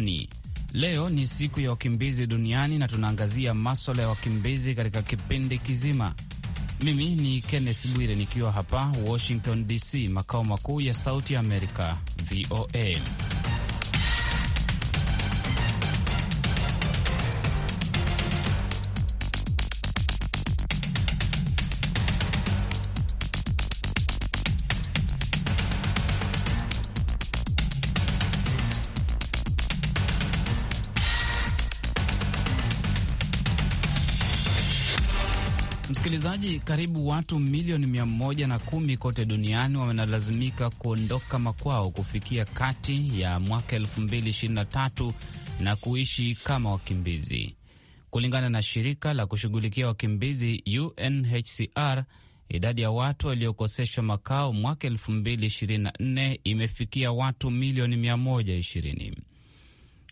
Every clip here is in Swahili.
duniani. Leo ni siku ya wakimbizi duniani na tunaangazia maswala ya wakimbizi katika kipindi kizima. Mimi ni Kenneth Bwire nikiwa hapa Washington DC, makao makuu ya Sauti ya Amerika, VOA. Msikilizaji, karibu watu milioni mia moja na kumi kote duniani wanalazimika kuondoka makwao kufikia kati ya mwaka ishirini na kuishi kama wakimbizi, kulingana na shirika la kushughulikia wakimbizi UNHCR. Idadi ya watu waliokoseshwa makao mwaka 224 imefikia watu milioni 120.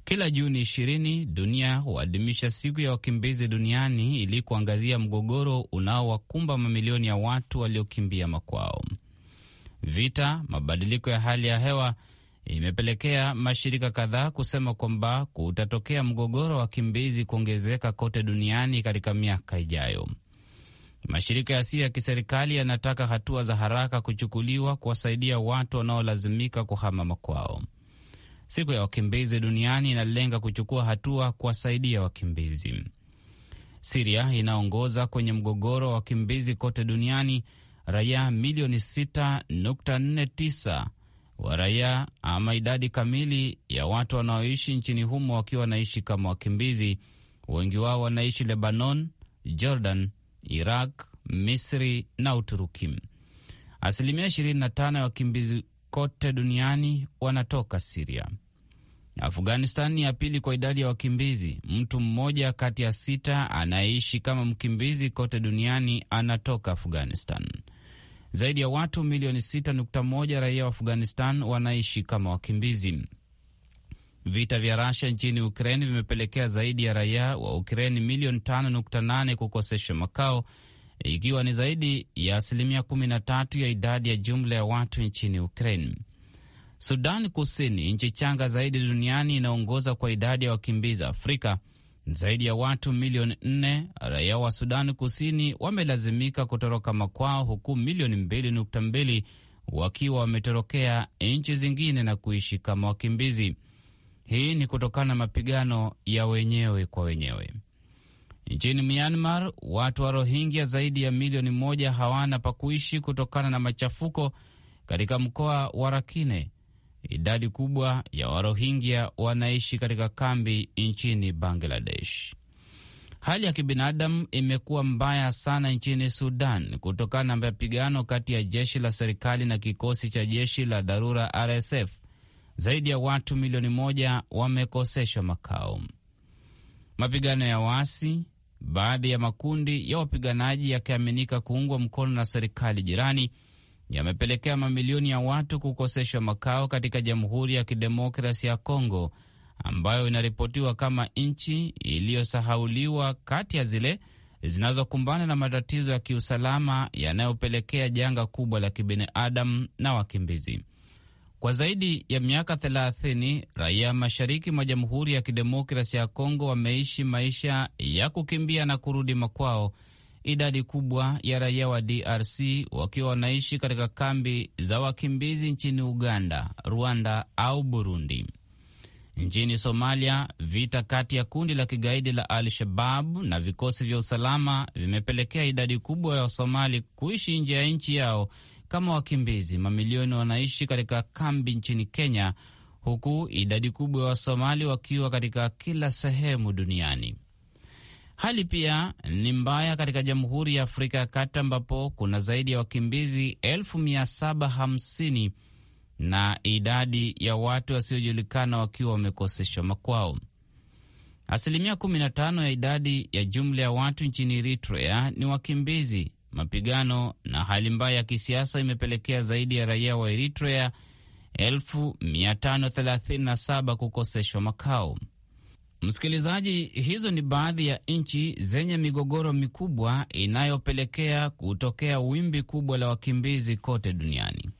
Kila Juni ishirini dunia huadhimisha siku ya wakimbizi duniani ili kuangazia mgogoro unaowakumba mamilioni ya watu waliokimbia makwao. Vita, mabadiliko ya hali ya hewa imepelekea mashirika kadhaa kusema kwamba kutatokea mgogoro wa wakimbizi kuongezeka kote duniani katika miaka ijayo. Mashirika yasiyo ya kiserikali yanataka hatua za haraka kuchukuliwa kuwasaidia watu wanaolazimika kuhama makwao. Siku ya wakimbizi duniani inalenga kuchukua hatua kuwasaidia wakimbizi. Siria inaongoza kwenye mgogoro wa wakimbizi kote duniani. Raia milioni 6.49 wa raia ama idadi kamili ya watu wanaoishi nchini humo wakiwa wanaishi kama wakimbizi. Wengi wao wanaishi Lebanon, Jordan, Iraq, Misri na Uturuki. Asilimia 25 ya wakimbizi kote duniani wanatoka Siria. Afghanistan ni ya pili kwa idadi ya wakimbizi. Mtu mmoja kati ya sita anayeishi kama mkimbizi kote duniani anatoka Afghanistan. Zaidi ya watu milioni 6.1 raia wa Afghanistan wanaishi kama wakimbizi. Vita vya Russia nchini ukraini vimepelekea zaidi ya raia wa Ukraine milioni 5.8 kukosesha makao ikiwa ni zaidi ya asilimia 13 ya idadi ya jumla ya watu nchini Ukraine. Sudan Kusini, nchi changa zaidi duniani, inaongoza kwa idadi ya wakimbizi Afrika. Zaidi ya watu milioni 4 raia wa Sudan Kusini wamelazimika kutoroka makwao, huku milioni 2.2 wakiwa wametorokea nchi zingine na kuishi kama wakimbizi. Hii ni kutokana na mapigano ya wenyewe kwa wenyewe. Nchini Myanmar, watu wa Rohingya zaidi ya milioni moja hawana pa kuishi kutokana na machafuko katika mkoa wa Rakhine. Idadi kubwa ya Warohingya wanaishi katika kambi nchini Bangladesh. Hali ya kibinadamu imekuwa mbaya sana nchini Sudan kutokana na mapigano kati ya jeshi la serikali na kikosi cha jeshi la dharura RSF. Zaidi ya watu milioni moja wamekoseshwa makao. Mapigano ya waasi baadhi ya makundi ya wapiganaji yakiaminika kuungwa mkono na serikali jirani yamepelekea mamilioni ya watu kukoseshwa makao katika Jamhuri ya Kidemokrasi ya Kongo ambayo inaripotiwa kama nchi iliyosahauliwa kati ya zile zinazokumbana na matatizo ya kiusalama yanayopelekea janga kubwa la kibinadamu na wakimbizi. Kwa zaidi ya miaka 30 raia mashariki mwa Jamhuri ya Kidemokrasi ya Kongo wameishi maisha ya kukimbia na kurudi makwao, idadi kubwa ya raia wa DRC wakiwa wanaishi katika kambi za wakimbizi nchini Uganda, Rwanda au Burundi. Nchini Somalia, vita kati ya kundi la kigaidi la Al-Shabab na vikosi vya usalama vimepelekea idadi kubwa ya Wasomali kuishi nje ya nchi yao kama wakimbizi. Mamilioni wanaishi katika kambi nchini Kenya, huku idadi kubwa ya Wasomali wakiwa katika kila sehemu duniani. Hali pia ni mbaya katika Jamhuri ya Afrika ya Kati ambapo kuna zaidi ya wakimbizi 1750 na idadi ya watu wasiojulikana wakiwa wamekoseshwa makwao. Asilimia 15 ya idadi ya jumla ya watu nchini Eritrea ni wakimbizi Mapigano na hali mbaya ya kisiasa imepelekea zaidi ya raia wa Eritrea 537 kukoseshwa makao. Msikilizaji, hizo ni baadhi ya nchi zenye migogoro mikubwa inayopelekea kutokea wimbi kubwa la wakimbizi kote duniani.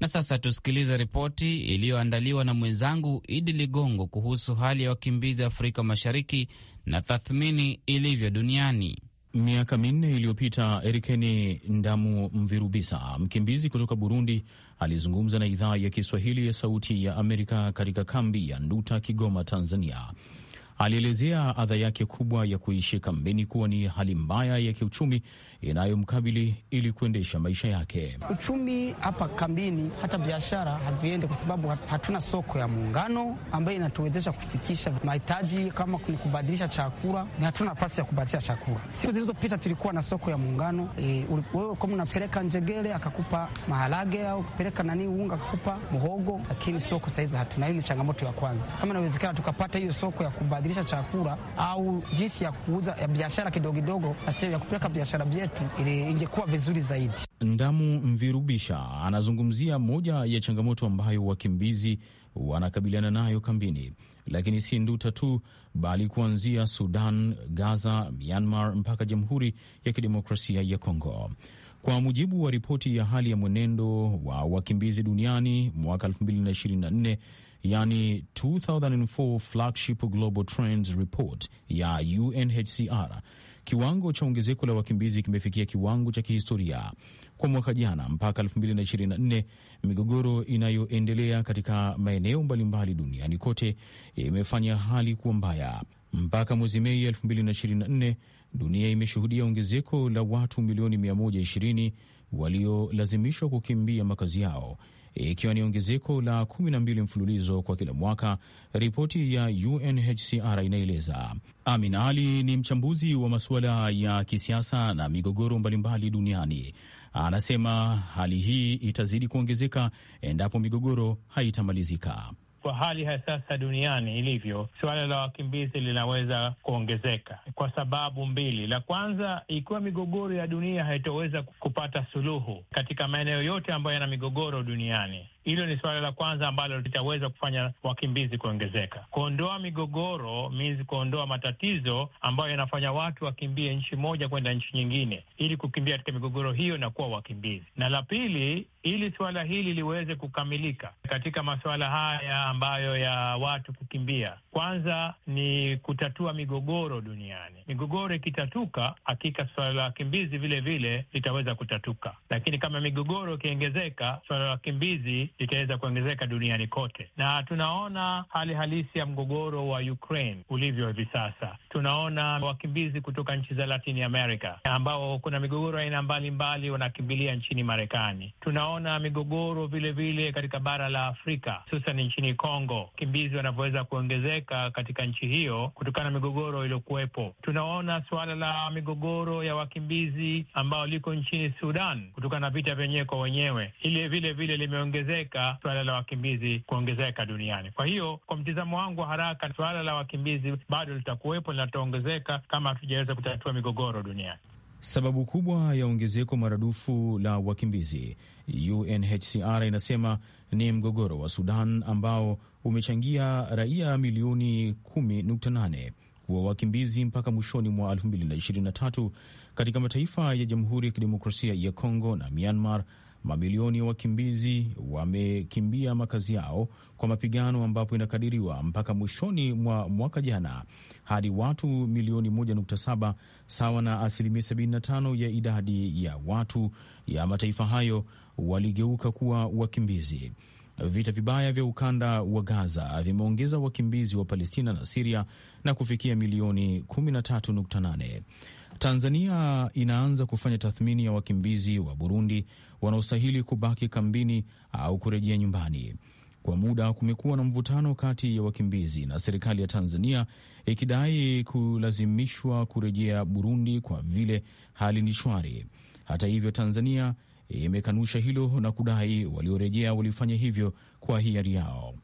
Na sasa tusikilize ripoti iliyoandaliwa na mwenzangu Idi Ligongo kuhusu hali ya wakimbizi Afrika Mashariki na tathmini ilivyo duniani. Miaka minne iliyopita Erikeni Ndamu Mvirubisa, mkimbizi kutoka Burundi, alizungumza na idhaa ya Kiswahili ya Sauti ya Amerika katika kambi ya Nduta, Kigoma, Tanzania. Alielezea adha yake kubwa ya kuishi kambini kuwa ni hali mbaya ya kiuchumi inayomkabili ili kuendesha maisha yake. Uchumi hapa kambini, hata biashara haviendi kwa sababu hatuna soko ya muungano ambayo inatuwezesha kufikisha mahitaji kama ni kubadilisha chakula. na Hatuna nafasi ya kubadilisha chakula. Siku zilizopita tulikuwa na soko ya muungano. E, wewe kama unapeleka njegele akakupa maharage au kupeleka nani unga akakupa mhogo, lakini soko sahizi hatuna. Hiyo ni changamoto ya kwanza. Kama inawezekana tukapata hiyo soko ya kubadilisha kubadilisha chakula au jinsi ya kuuza ya biashara kidogo kidogo, ya kupeleka biashara vyetu ili ingekuwa vizuri zaidi. Ndamu Mvirubisha anazungumzia moja ya changamoto ambayo wakimbizi wanakabiliana nayo kambini, lakini si Nduta tu, bali kuanzia Sudan, Gaza, Myanmar mpaka Jamhuri ya Kidemokrasia ya Kongo. Kwa mujibu wa ripoti ya hali ya mwenendo wa wakimbizi duniani mwaka 2024 yani 2004 Flagship Global Trends Report ya UNHCR, kiwango cha ongezeko la wakimbizi kimefikia kiwango cha kihistoria. Kwa mwaka jana mpaka 2024, migogoro inayoendelea katika maeneo mbalimbali duniani kote imefanya hali kuwa mbaya. Mpaka mwezi Mei 2024, dunia imeshuhudia ongezeko la watu milioni 120 waliolazimishwa kukimbia makazi yao ikiwa ni ongezeko la 12 mfululizo kwa kila mwaka, ripoti ya UNHCR inaeleza. Amin Ali ni mchambuzi wa masuala ya kisiasa na migogoro mbalimbali duniani. Anasema hali hii itazidi kuongezeka endapo migogoro haitamalizika kwa hali ya sasa duniani ilivyo, suala la wakimbizi linaweza kuongezeka kwa sababu mbili. La kwanza, ikiwa migogoro ya dunia haitoweza kupata suluhu katika maeneo yote ambayo yana migogoro duniani hilo ni suala la kwanza ambalo litaweza kufanya wakimbizi kuongezeka. Kuondoa migogoro means kuondoa matatizo ambayo yanafanya watu wakimbie nchi moja kwenda nchi nyingine, ili kukimbia katika migogoro hiyo na kuwa wakimbizi. Na la pili, ili suala hili liweze kukamilika katika masuala haya ambayo ya watu kukimbia, kwanza ni kutatua migogoro duniani. Migogoro ikitatuka, hakika suala la wakimbizi vile vile litaweza kutatuka, lakini kama migogoro ikiongezeka, suala la wakimbizi hili litaweza kuongezeka duniani kote, na tunaona hali halisi ya mgogoro wa Ukraine ulivyo hivi sasa. Tunaona wakimbizi kutoka nchi za Latin America ambao kuna migogoro aina mbalimbali, wanakimbilia nchini Marekani. Tunaona migogoro vilevile vile katika bara la Afrika, hususan nchini Kongo, wakimbizi wanavyoweza kuongezeka katika nchi hiyo kutokana na migogoro iliyokuwepo. Tunaona suala la migogoro ya wakimbizi ambao liko nchini Sudan kutokana na vita vyenyewe kwa wenyewe, ile vile vile limeongezeka kuongezeka, suala la wakimbizi kuongezeka duniani. Kwa hiyo kwa mtizamo wangu wa haraka, suala la wakimbizi bado litakuwepo, linataongezeka kama hatujaweza kutatua migogoro duniani. Sababu kubwa ya ongezeko maradufu la wakimbizi, UNHCR inasema ni mgogoro wa Sudan ambao umechangia raia milioni 10.8 wa wakimbizi mpaka mwishoni mwa 2023 katika mataifa ya Jamhuri ya Kidemokrasia ya Kongo na Myanmar Mamilioni ya wakimbizi wamekimbia makazi yao kwa mapigano, ambapo inakadiriwa mpaka mwishoni mwa mwaka jana hadi watu milioni 1.7 sawa na asilimia 75 ya idadi ya watu ya mataifa hayo waligeuka kuwa wakimbizi. Vita vibaya vya ukanda wa Gaza vimeongeza wakimbizi wa Palestina na Siria na kufikia milioni 13.8. Tanzania inaanza kufanya tathmini ya wakimbizi wa Burundi wanaostahili kubaki kambini au kurejea nyumbani. Kwa muda kumekuwa na mvutano kati ya wakimbizi na serikali ya Tanzania ikidai kulazimishwa kurejea Burundi kwa vile hali ni shwari. Hata hivyo, Tanzania imekanusha hilo na kudai waliorejea walifanya hivyo kwa hiari yao.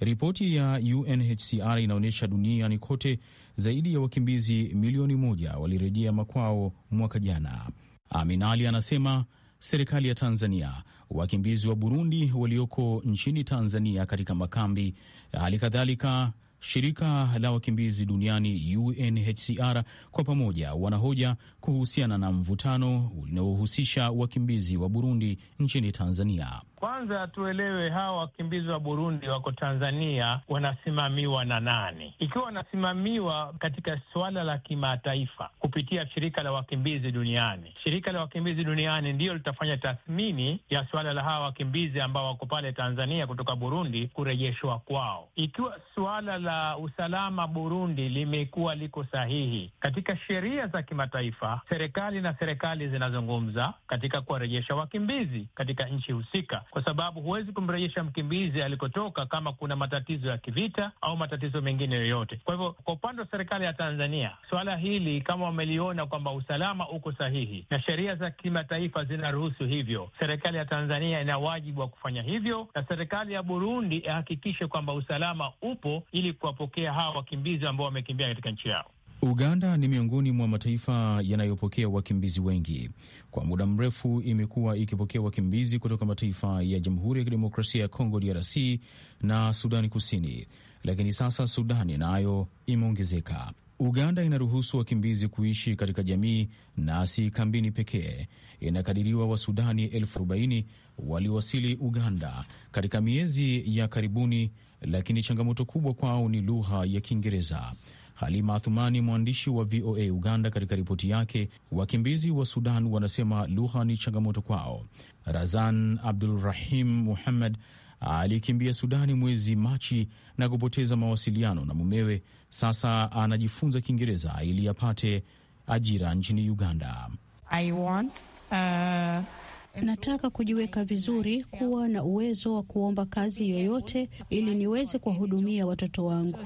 Ripoti ya UNHCR inaonyesha duniani kote zaidi ya wakimbizi milioni moja walirejea makwao mwaka jana. Aminali anasema serikali ya Tanzania, wakimbizi wa Burundi walioko nchini Tanzania katika makambi, hali kadhalika shirika la wakimbizi duniani UNHCR kwa pamoja wanahoja kuhusiana na mvutano unaohusisha wakimbizi wa Burundi nchini Tanzania. Kwanza tuelewe hawa wakimbizi wa Burundi wako Tanzania wanasimamiwa na nani? Ikiwa wanasimamiwa katika suala la kimataifa kupitia shirika la wakimbizi duniani, shirika la wakimbizi duniani ndiyo litafanya tathmini ya suala la hawa wakimbizi ambao wako pale Tanzania kutoka Burundi kurejeshwa kwao. Ikiwa suala la usalama Burundi limekuwa liko sahihi katika sheria za kimataifa, serikali na serikali zinazungumza katika kuwarejesha wakimbizi katika nchi husika kwa sababu huwezi kumrejesha mkimbizi alikotoka kama kuna matatizo ya kivita au matatizo mengine yoyote. Kwa hivyo, kwa upande wa serikali ya Tanzania, suala hili kama wameliona kwamba usalama uko sahihi na sheria za kimataifa zinaruhusu hivyo, serikali ya Tanzania ina wajibu wa kufanya hivyo, na serikali ya Burundi ihakikishe kwamba usalama upo ili kuwapokea hawa wakimbizi ambao wamekimbia katika nchi yao. Uganda ni miongoni mwa mataifa yanayopokea wakimbizi wengi. Kwa muda mrefu imekuwa ikipokea wakimbizi kutoka mataifa ya Jamhuri ya Kidemokrasia ya Kongo DRC na Sudani Kusini, lakini sasa Sudani nayo imeongezeka. Uganda inaruhusu wakimbizi kuishi katika jamii na si kambini pekee. Inakadiriwa Wasudani elfu arobaini waliwasili Uganda katika miezi ya karibuni, lakini changamoto kubwa kwao ni lugha ya Kiingereza. Halima Athumani, mwandishi wa VOA Uganda, katika ripoti yake. Wakimbizi wa Sudan wanasema lugha ni changamoto kwao. Razan Abdulrahim Muhammad alikimbia Sudani mwezi Machi na kupoteza mawasiliano na mumewe. Sasa anajifunza Kiingereza ili apate ajira nchini Uganda. I want, uh... Nataka kujiweka vizuri, kuwa na uwezo wa kuomba kazi yoyote, ili niweze kuwahudumia watoto wangu.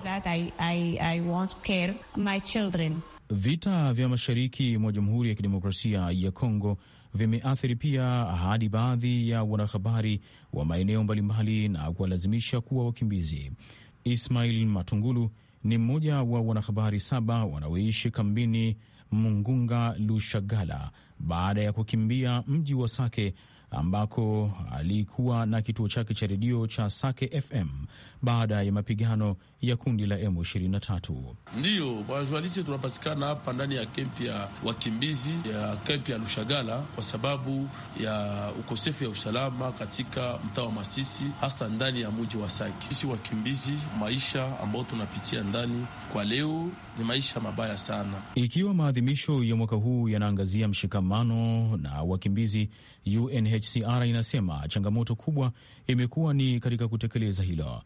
Vita vya mashariki mwa Jamhuri ya Kidemokrasia ya Kongo vimeathiri pia hadi baadhi ya wanahabari wa maeneo mbalimbali na kuwalazimisha kuwa wakimbizi. Ismail Matungulu ni mmoja wa wanahabari saba wanaoishi kambini Mungunga Lushagala baada ya kukimbia mji wa Sake ambako alikuwa na kituo chake cha redio cha Sake FM baada ya mapigano ya kundi la M23. Ndiyo wanazualisi tunapatikana hapa ndani ya kempi ya wakimbizi ya kempi ya Lushagala kwa sababu ya ukosefu ya usalama katika mtaa wa Masisi, hasa ndani ya muji wa Sake. Sisi wakimbizi, maisha ambayo tunapitia ndani kwa leo ni maisha mabaya sana. Ikiwa maadhimisho ya mwaka huu yanaangazia mshikamano na wakimbizi, UNHCR inasema changamoto kubwa imekuwa ni katika kutekeleza hilo.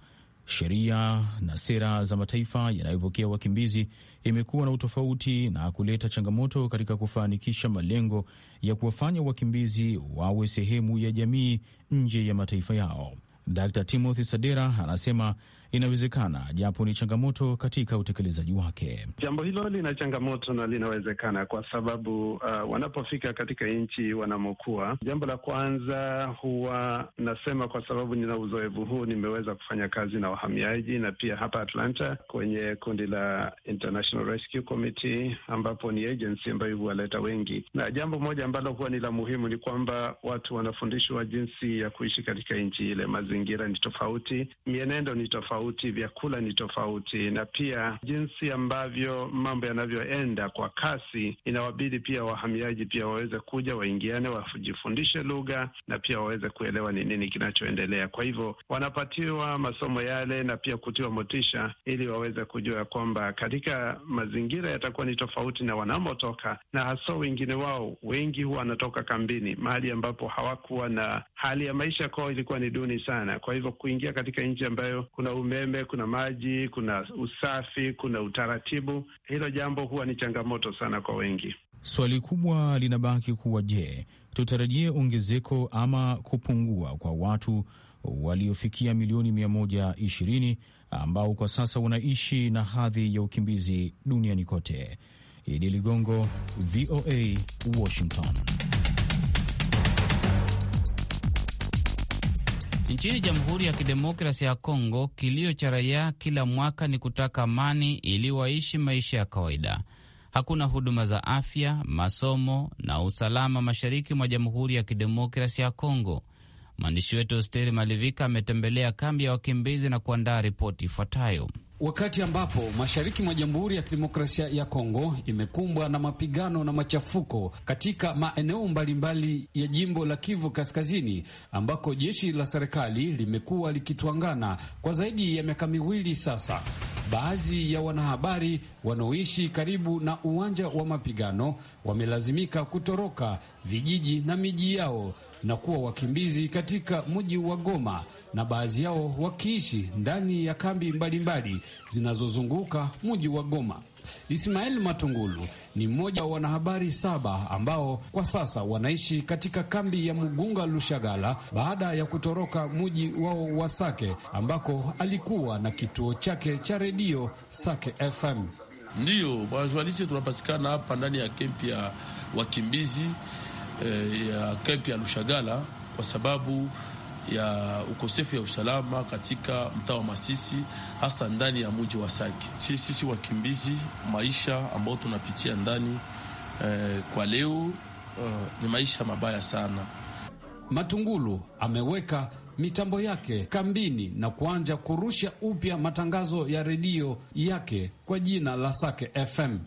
Sheria na sera za mataifa yanayopokea wakimbizi imekuwa na utofauti na kuleta changamoto katika kufanikisha malengo ya kuwafanya wakimbizi wawe sehemu ya jamii nje ya mataifa yao. Dr Timothy Sadera anasema inawezekana, japo ni changamoto katika utekelezaji wake. Jambo hilo lina changamoto na linawezekana kwa sababu uh, wanapofika katika nchi wanamokuwa, jambo la kwanza huwa nasema, kwa sababu nina uzoefu huu, nimeweza kufanya kazi na wahamiaji na pia hapa Atlanta kwenye kundi la International Rescue Committee, ambapo ni agency ambayo huwaleta wengi, na jambo moja ambalo huwa ni la muhimu ni kwamba watu wanafundishwa jinsi ya kuishi katika nchi ile. Mazingira ni tofauti, mienendo ni tofauti tofauti, vyakula ni tofauti, na pia jinsi ambavyo mambo yanavyoenda kwa kasi, inawabidi pia wahamiaji pia waweze kuja, waingiane, wajifundishe lugha na pia waweze kuelewa ni nini kinachoendelea. Kwa hivyo wanapatiwa masomo yale na pia kutiwa motisha, ili waweze kujua kwamba katika mazingira yatakuwa ni tofauti na wanamotoka, na haswa wengine wao wengi huwa wanatoka kambini, mahali ambapo hawakuwa na hali ya maisha kwao ilikuwa ni duni sana. Kwa hivyo kuingia katika nchi ambayo kuna umeme, kuna maji, kuna usafi, kuna utaratibu. Hilo jambo huwa ni changamoto sana kwa wengi. Swali kubwa linabaki kuwa je, tutarajie ongezeko ama kupungua kwa watu waliofikia milioni 120 ambao kwa sasa wanaishi na hadhi ya ukimbizi duniani kote. Idi Ligongo, VOA, Washington. Nchini Jamhuri ya kidemokrasi ya Kongo, kilio cha raia kila mwaka ni kutaka amani ili waishi maisha ya kawaida. Hakuna huduma za afya, masomo na usalama mashariki mwa Jamhuri ya kidemokrasi ya Kongo. Mwandishi wetu Hosteri Malivika ametembelea kambi ya wakimbizi na kuandaa ripoti ifuatayo. Wakati ambapo mashariki mwa Jamhuri ya Kidemokrasia ya Kongo imekumbwa na mapigano na machafuko katika maeneo mbalimbali ya jimbo la Kivu Kaskazini, ambako jeshi la serikali limekuwa likitwangana kwa zaidi ya miaka miwili sasa, baadhi ya wanahabari wanaoishi karibu na uwanja wa mapigano wamelazimika kutoroka vijiji na miji yao na kuwa wakimbizi katika mji wa Goma na baadhi yao wakiishi ndani ya kambi mbalimbali zinazozunguka mji wa Goma. Ismail Matungulu ni mmoja wa wanahabari saba ambao kwa sasa wanaishi katika kambi ya Mugunga Lushagala baada ya kutoroka muji wao wa Sake ambako alikuwa na kituo chake cha redio Sake FM. Ndiyo wajournaliste tunapatikana hapa ndani ya kempi ya wakimbizi eh, ya kempi ya Lushagala kwa sababu ya ukosefu ya usalama katika mtaa wa Masisi, hasa ndani ya mji wa Sake. Sisi sisi wakimbizi, maisha ambayo tunapitia ndani eh, kwa leo uh, ni maisha mabaya sana. Matungulu ameweka mitambo yake kambini na kuanja kurusha upya matangazo ya redio yake kwa jina la Sake FM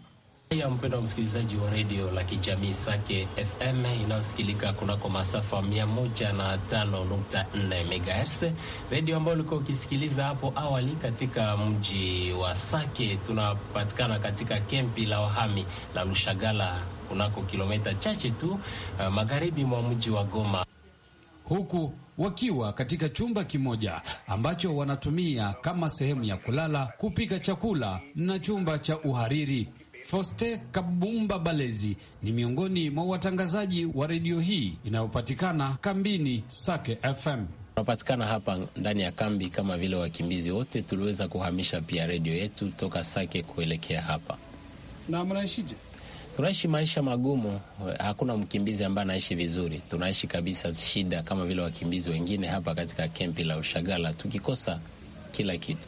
ya mpendo wa msikilizaji wa redio la kijamii Sake FM inayosikilika kunako masafa 105.4 MHz, redio ambayo ulikuwa ukisikiliza hapo awali katika mji wa Sake. Tunapatikana katika kempi la wahami la Lushagala kunako kilomita chache tu uh, magharibi mwa mji wa Goma huku wakiwa katika chumba kimoja ambacho wanatumia kama sehemu ya kulala, kupika chakula na chumba cha uhariri. Foste Kabumba Balezi ni miongoni mwa watangazaji wa redio hii inayopatikana kambini Sake FM. Tunapatikana hapa ndani ya kambi kama vile wakimbizi wote, tuliweza kuhamisha pia redio yetu toka Sake kuelekea hapa. Na mnaishije? Tunaishi maisha magumu. Hakuna mkimbizi ambaye anaishi vizuri, tunaishi kabisa shida kama vile wakimbizi wengine hapa katika kempi la Ushagala, tukikosa kila kitu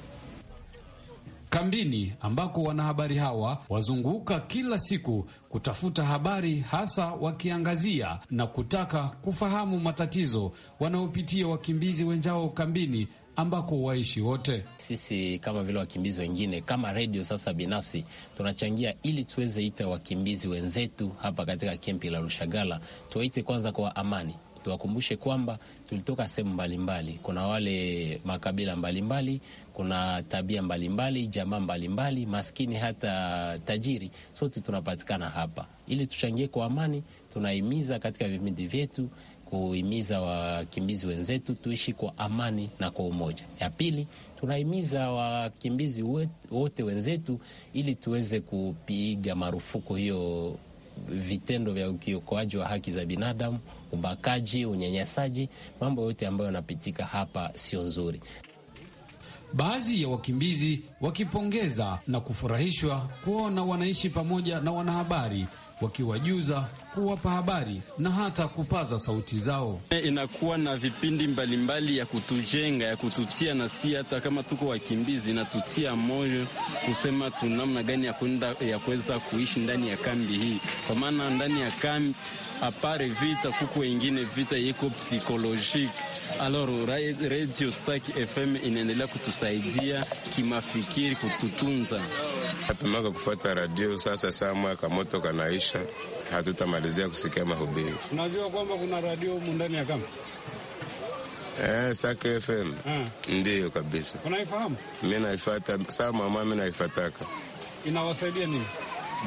kambini ambako wanahabari hawa wazunguka kila siku kutafuta habari, hasa wakiangazia na kutaka kufahamu matatizo wanaopitia wakimbizi wenzao kambini ambako waishi wote. Sisi kama vile wakimbizi wengine, kama redio sasa binafsi tunachangia ili tuweze ita wakimbizi wenzetu hapa katika kempi la Rushagala, tuwaite kwanza kwa amani tuwakumbushe kwamba tulitoka sehemu mbalimbali. Kuna wale makabila mbalimbali mbali, kuna tabia mbalimbali, jamaa mbalimbali, maskini hata tajiri, sote tunapatikana hapa ili tuchangie kwa amani. Tunahimiza katika vipindi vyetu kuhimiza wakimbizi wenzetu tuishi kwa amani na kwa umoja. Ya pili, tunahimiza wakimbizi wote wenzetu ili tuweze kupiga marufuku hiyo vitendo vya ukiokoaji wa haki za binadamu ubakaji, unyanyasaji, mambo yote ambayo yanapitika hapa sio nzuri. Baadhi ya wakimbizi wakipongeza na kufurahishwa kuona wanaishi pamoja na wanahabari wakiwajuza, kuwapa habari na hata kupaza sauti zao. Inakuwa na vipindi mbalimbali mbali ya kutujenga ya kututia, na si hata kama tuko wakimbizi, inatutia moyo kusema tunamna namna gani ya kwenda ya kuweza kuishi ndani ya kambi hii, kwa maana ndani ya kambi apare vita kuku wengine vita iko psikolojiki. Alors Radio Sac FM inaendelea kutusaidia kimafikiri, kututunza Hatumaka kufuata radio sasa, saa mwaka moto kanaisha, hatutamalizia kusikia mahubiri. Unajua kwamba kuna radio humu ndani ya kama Eh, Sake FM ndiyo kabisa. Unaifahamu? Mimi naifuata saa mama, mimi naifuataka. Inawasaidia nini?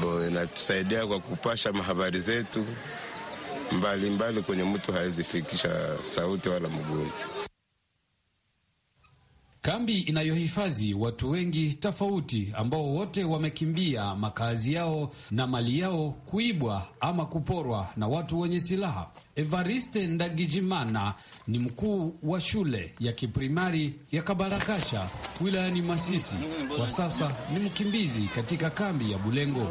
Bo, inatusaidia kwa kupasha mahabari zetu mbalimbali kwenye mtu hawezifikisha sauti wala mguu kambi inayohifadhi watu wengi tofauti ambao wote wamekimbia makazi yao na mali yao kuibwa ama kuporwa na watu wenye silaha. Evariste Ndagijimana ni mkuu wa shule ya kiprimari ya Kabarakasha wilayani Masisi. Kwa sasa ni mkimbizi katika kambi ya Bulengo.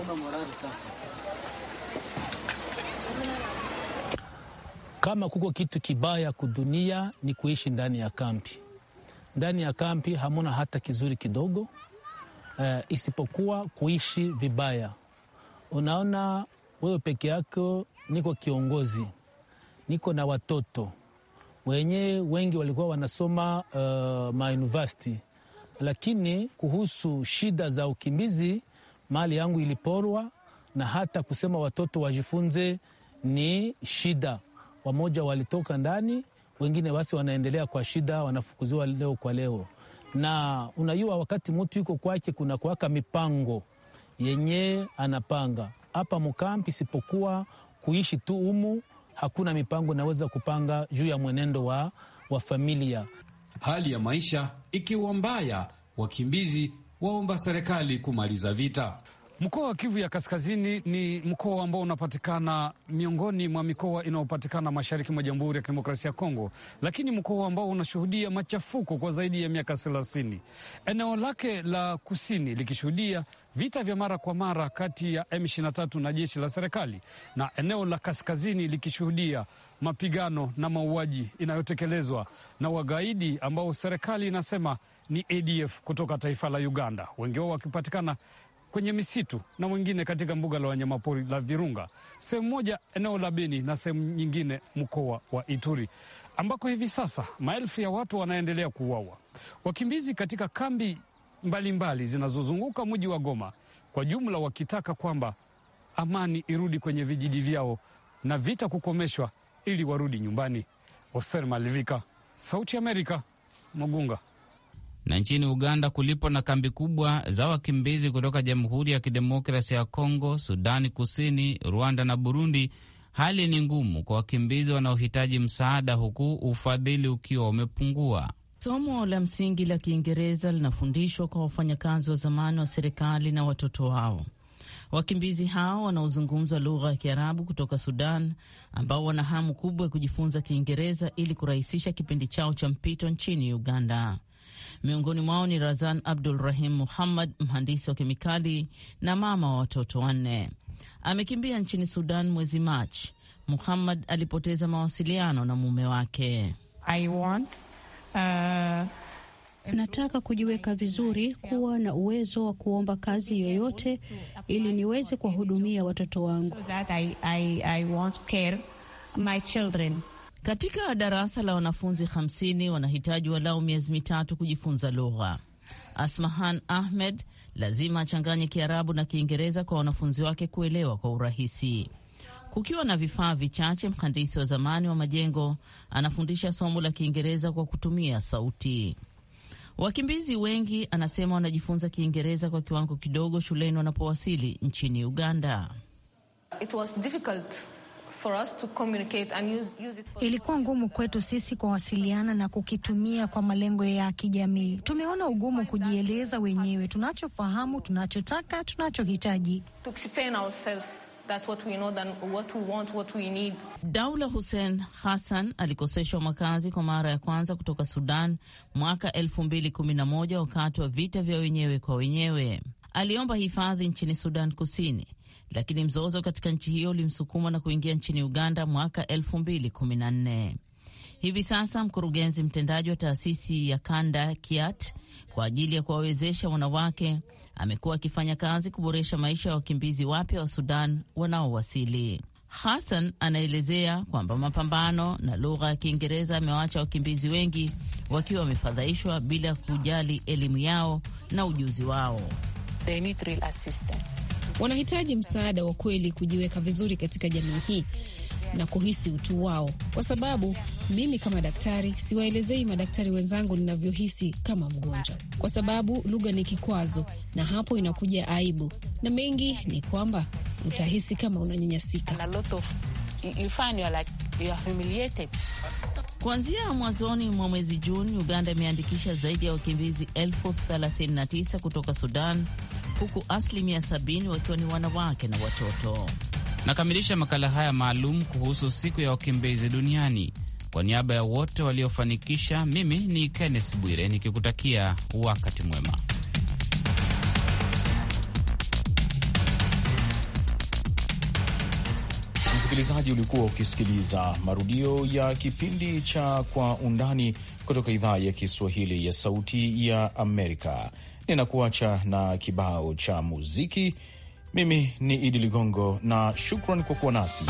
Kama kuko kitu kibaya kudunia ni kuishi ndani ya kambi ndani ya kambi hamuna hata kizuri kidogo, eh, isipokuwa kuishi vibaya. Unaona, wewe peke yako, niko kiongozi, niko na watoto wenyewe, wengi walikuwa wanasoma uh, mauniversity, lakini kuhusu shida za ukimbizi, mali yangu iliporwa, na hata kusema watoto wajifunze ni shida. Wamoja walitoka ndani wengine basi wanaendelea kwa shida, wanafukuziwa leo kwa leo. Na unajua wakati mtu yuko kwake, kuna kuwaka mipango yenye anapanga hapa mkampi, isipokuwa kuishi tu umu, hakuna mipango naweza kupanga juu ya mwenendo wa, wa familia. Hali ya maisha ikiwa mbaya, wakimbizi waomba serikali kumaliza vita. Mkoa wa Kivu ya Kaskazini ni mkoa ambao unapatikana miongoni mwa mikoa inayopatikana mashariki mwa Jamhuri ya Kidemokrasia ya Kongo, lakini mkoa ambao unashuhudia machafuko kwa zaidi ya miaka thelathini, eneo lake la kusini likishuhudia vita vya mara kwa mara kati ya M23 na jeshi la serikali, na eneo la kaskazini likishuhudia mapigano na mauaji inayotekelezwa na wagaidi ambao serikali inasema ni ADF kutoka taifa la Uganda, wengi wao wakipatikana kwenye misitu na mwingine katika mbuga la wanyamapori la Virunga, sehemu moja eneo la Beni na sehemu nyingine mkoa wa Ituri ambako hivi sasa maelfu ya watu wanaendelea kuuawa. Wakimbizi katika kambi mbalimbali zinazozunguka mji wa Goma kwa jumla wakitaka kwamba amani irudi kwenye vijiji vyao na vita kukomeshwa ili warudi nyumbani. Oser Malivika, Sauti Amerika, Mugunga na nchini Uganda kulipo na kambi kubwa za wakimbizi kutoka Jamhuri ya Kidemokrasia ya Kongo, Sudani Kusini, Rwanda na Burundi, hali ni ngumu kwa wakimbizi wanaohitaji msaada, huku ufadhili ukiwa umepungua. Somo la msingi la Kiingereza linafundishwa kwa wafanyakazi wa zamani wa serikali na watoto wao. Wakimbizi hao wanaozungumza lugha ya Kiarabu kutoka Sudan, ambao wana hamu kubwa ya kujifunza Kiingereza ili kurahisisha kipindi chao cha mpito nchini Uganda. Miongoni mwao ni Razan Abdul Rahim Muhammad, mhandisi wa kemikali na mama wa watoto wanne. Amekimbia nchini Sudan mwezi Machi. Muhammad alipoteza mawasiliano na mume wake. I want, uh... Nataka kujiweka vizuri, kuwa na uwezo wa kuomba kazi yoyote ili niweze kuwahudumia watoto wangu. So katika darasa la wanafunzi 50 wanahitaji walau miezi mitatu kujifunza lugha. Asmahan Ahmed lazima achanganye Kiarabu na Kiingereza kwa wanafunzi wake kuelewa kwa urahisi. Kukiwa na vifaa vichache, mhandisi wa zamani wa majengo anafundisha somo la Kiingereza kwa kutumia sauti. Wakimbizi wengi, anasema, wanajifunza Kiingereza kwa kiwango kidogo shuleni wanapowasili nchini Uganda. It was difficult Ilikuwa ngumu kwetu sisi kuwasiliana na kukitumia kwa malengo ya kijamii. Tumeona ugumu kujieleza wenyewe, tunachofahamu, tunachotaka, tunachohitaji. Daula Hussein Hassan alikoseshwa makazi kwa mara ya kwanza kutoka Sudan mwaka 2011 wakati wa vita vya wenyewe kwa wenyewe. Aliomba hifadhi nchini Sudan Kusini lakini mzozo katika nchi hiyo ulimsukuma na kuingia nchini Uganda mwaka elfu Hivi sasa mkurugenzi mtendaji wa taasisi ya kanda KIAT kwa ajili ya kuwawezesha wanawake amekuwa akifanya kazi kuboresha maisha ya wakimbizi wapya wa Sudan wanaowasili. Hassan anaelezea kwamba mapambano na lugha ya Kiingereza amewaacha wakimbizi wengi wakiwa wamefadhaishwa bila kujali elimu yao na ujuzi wao. They need real assistance wanahitaji msaada wa kweli kujiweka vizuri katika jamii hii na kuhisi utu wao, kwa sababu mimi kama daktari siwaelezei madaktari wenzangu ninavyohisi kama mgonjwa, kwa sababu lugha ni kikwazo, na hapo inakuja aibu, na mengi ni kwamba utahisi kama unanyanyasika. Kuanzia mwanzoni mwa mwezi Juni, Uganda imeandikisha zaidi ya wakimbizi elfu 39 kutoka Sudan huku asilimia sabini wakiwa ni wanawake na watoto. Nakamilisha makala haya maalum kuhusu siku ya wakimbizi duniani. Kwa niaba ya wote waliofanikisha, mimi ni Kenneth Bwire nikikutakia wakati mwema. Msikilizaji, ulikuwa ukisikiliza marudio ya kipindi cha Kwa Undani kutoka idhaa ya Kiswahili ya Sauti ya Amerika. Ninakuacha na kibao cha muziki. Mimi ni Idi Ligongo na shukran kwa kuwa nasi.